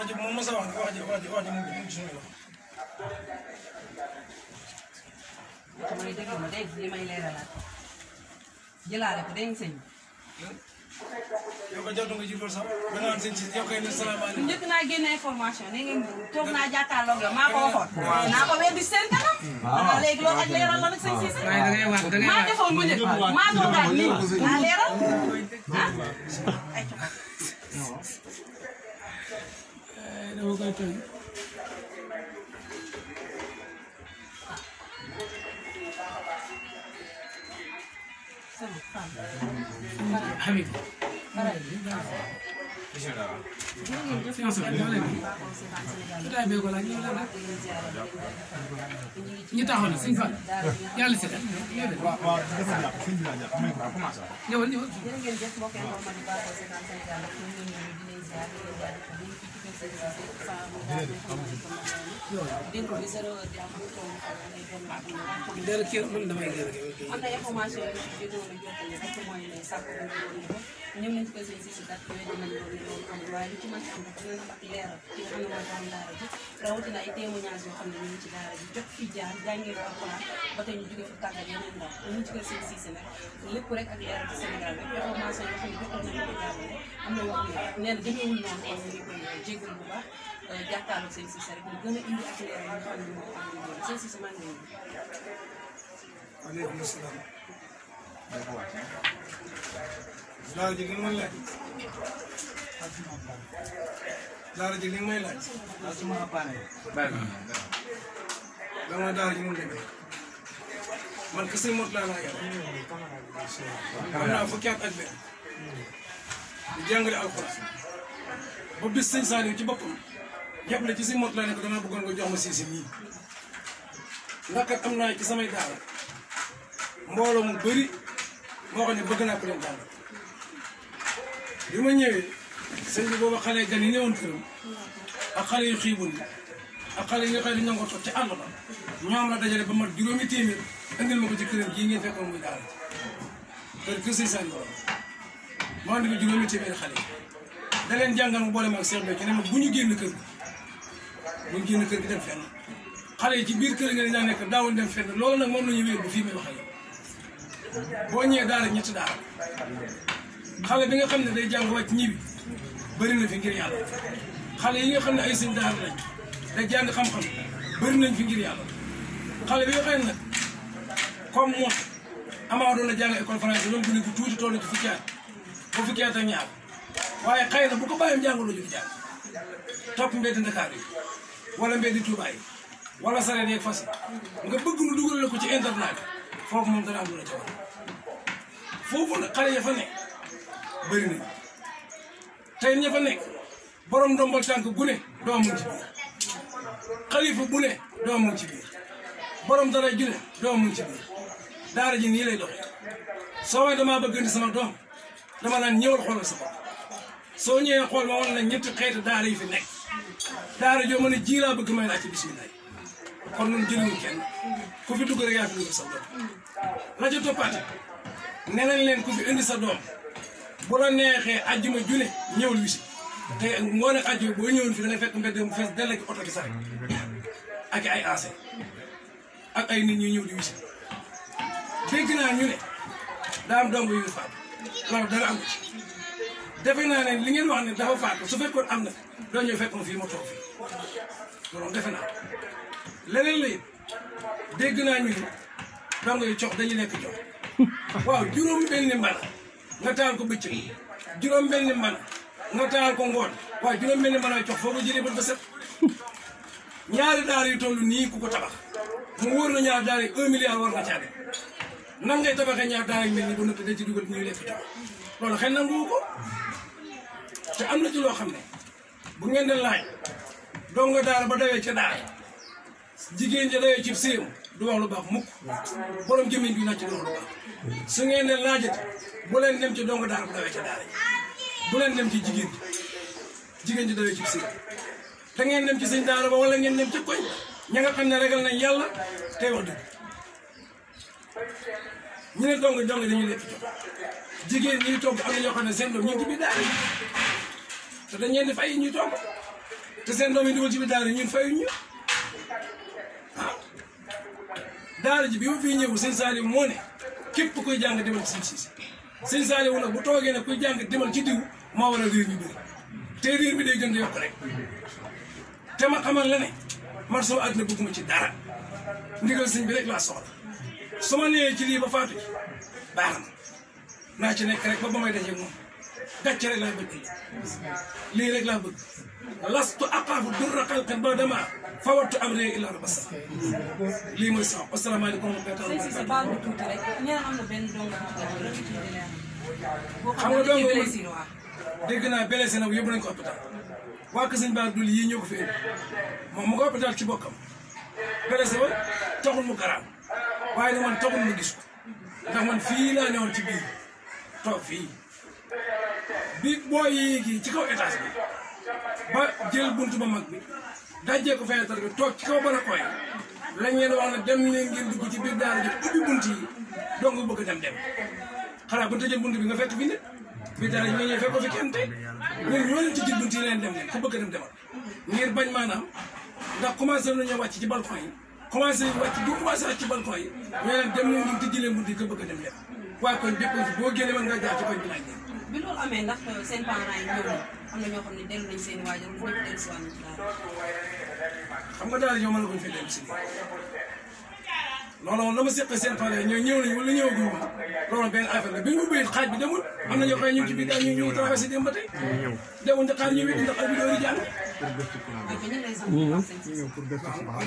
wax ji moom mos a wax ne wax ji wax ji wax ji moom du dugg suñuy wax. damay déglu ma dégg li may leeralaat jëlaale ko dégg sëñ yow ko jotu nga ji loolu sax ba naan sëñ si yow kay ne salaamaaleykum. njëkk naa génne information ne ngeen toog naa jàkkaarloog yow maa ko waxoon. waaw naa ko weddi seen kanam. waaw waaw léegi loo xam leeral la nag sëñ si si. waaye da ngay wax da ngay wax maa defoon bu njëkk maa toogaat nii naa leeral ah. 还没。bisimilah. jërëjëf sëñ Sow ñoo ñu taxaw na sëñ Fall yàlla ñoom lañ posé si si dàq yooyu yoo xam ne ñu ngi ci daara ji jot fi jaar jàngee ko alxuraan ba tey lépp rek nee na a indi ak leeral yi nga xam ne moo am lu Zara jiggling man lang. Zara jiggling man lang. Nasa mga panay. Bago. Lang na dahil yung gabi. Man kasi mo lang yan. Kamera fakiat adbe. Jangal al-Quran. Babis sin saliw ci bopam. Yab la ci si mot la ne ko dama bëggoon nga jox ma ci samay bëgg ko bi ma ñëwee sëñ bi booba xale gan yi ñëwoon këram ak xale yu xiibul yi ak xale yi nga xam ne dañu ko ci àll ba ñoom la dajale ba mat juróomi téeméer indil ma ko ci këram jii ngeen fekkoon muy daal kër kër sëñ Saliou ma andi ko juróomi téeméer xale yi da leen jàngal mu boole ma ak Cheikh Béthio ne ma bu ñu génn kër gi bu ñu génn kër gi dem fenn xale yi ci biir kër nga dañaa nekk daawul dem fenn loolu nag moom la ñu wéer bu fii may waxal boo ñëwee daara ñetti daara xale bi nga xam ne day jàng wàcc ñibi bëri na fi ngir yàlla xale yi nga xam ne ay sëñ daara lañ day jàng xam-xam bëri nañ fi ngir yàlla xale bi nga xam ne nag comme moom amaa doon na jàng école français doon gune bu tuuti toll ci fukki at ba fukki at ak ñaar waaye xëy na bu ko bàyyam jàngaloo ju di jàng topp mbedd Ndakaar yi wala mbedd Touba yi wala sareet yeeg fas yi nga bëgg nu dugalal ko ci internet foofu moom dana am lu la xale ya fa nekk bëri nañ tey ña fa nekk borom ndombal tànk gu ne doomu ngi ci biir xalifa bu doomu ngi ci biir borom dara ju doomu ngi ci biir daara ji nii lay doxee soo may damaa bëgg sama doom dama naan ñëwal xoolal sa soo ñëwee xool ma wan ñetti xeetu daara yi fi nekk daara joo mën a ji laa bëgg may laa ci bisimilah kon ñun jëluñu kenn ku fi dugg rek yaa fi sa doom la toppaate nee nañ leen ku fi indi sa doom. bu neexee ajuma june ñëwal wi si te ngoon ak boo ñëwoon fi da ngay fekk mbedd mu fees dell oto ki sax ak ay AC ay nit ñi ñëw di wi naa ñu ne daa am dong yu defe naa ne li ngeen wax ne dafa faatu su fekkoon am na doo ñëw fekk ma fii ma toog fii loolu defe naa leneen la it dégg naa ñu ne dong dañu nekk jox waaw juróomi benn mbala nga taal ko bëccëg juróom-benni mban nga taal ko ngoon waaye juróom-benni mban a cox foo ko jëlee ba ba set ñaari daara yu toll nii ku ko tabax mu wóor na ñaari daara yi un milliard war nga caa dem nan ngay tabaxee ñaari daara yu mel nii ba noppi dañ ci dugal ñuy lekk jox loolu xëy na nangu ko te am na ci loo xam ne bu ngeen di laaj dong nga daara ba dawee ca daara jigéen ja dawee ci séem du wax lu baax mukk borom jëmmiñ bi na ci du wax lu baax su ngeen ne laajate bu leen dem ci dong daara bu dawee ca daara bu leen dem ci jigéen ji jigéen ji dawee ci sëñ da ngeen dem ci sëñ daara ba wala ngeen dem ci koñ ña nga xam ne ragal nañ yàlla tey wax dëgg ñu ne dong dong dañu nekk ci jigéen ñi togg am na ñoo xam ne seen doom ñu ngi ci biir daara te dañ leen di fay ñuy togg te seen yi dugal ci daara ji bi ma fiy ñëw sëñ Saliou moo ne képp kuy jàng demal ci sëñ Cissé bu toogee ne kuy jàng demal ci diw maa war a réer ñu bëri te réer bi day gën di yokk rek te ma xamal la ne man ne àdduna bëgguma ci dara ndigal sëñ bi rek laa soxla su ma ci lii ba faatu ji baax naa ci nekk rek ba ba may daje moom gàcce rek laa bëgg lii rek laa bëgg. lastu aqaafu durra xalqan ba dama fawattu am ree illa rabasa lii mooy sax asalaamaaleykum xam nga dong dégg naa blessé na yóbbu nañ ko hôpital waa kër sëñ Bara Dolly yii ñoo fi indi moom mu ko hôpital ci bokkam blessé ba taxul mu garaan waaye na man taxul mu gis ko ndax man fii laa newoon ci biir toog fii bi boo yéegi ci kaw étage bi ba jël buntu ba mag bi dajjee ko fenêtre bi toog ci kaw bala koy lañ leen wax ne dem ne ngeen dugg ci biir daara ji bunt yi dong bëgg dem dem xanaa bu tëjee bunt bi nga fekk fi nit biir daara ji ñoo ñëw fekk ko fi kenn tey ñun ñoo leen ci bunt yi leen dem dem dem demal ngir bañ maanaam ndax commencé nañoo wàcc ci balcon yi dem ne ngeen tijji leen bunt yi ko bëgg dem dem waaye kon bépp boo génnee mën nga jaar ci koñ bi laaj bi loolu amee ndax seen parents yi ñëw na am na ñoo xam ne dellu nañ seen waajur lu ñëpp dellu si waat nañ ci daal. xam nga daal yow mën na ko ñu fay dellu si loolu la ma seqee seen parents ñoo ñëw nañ wala ñëwaguñ ma loolu benn affaire la bi ñu ubbee xaaj bi demul am na ñoo xam ne ñu ngi ci biir daal ñu ñëw traversé dem ba tey. demoon Dakar ñu wécc Dakar bi doori jàng. pour gëstu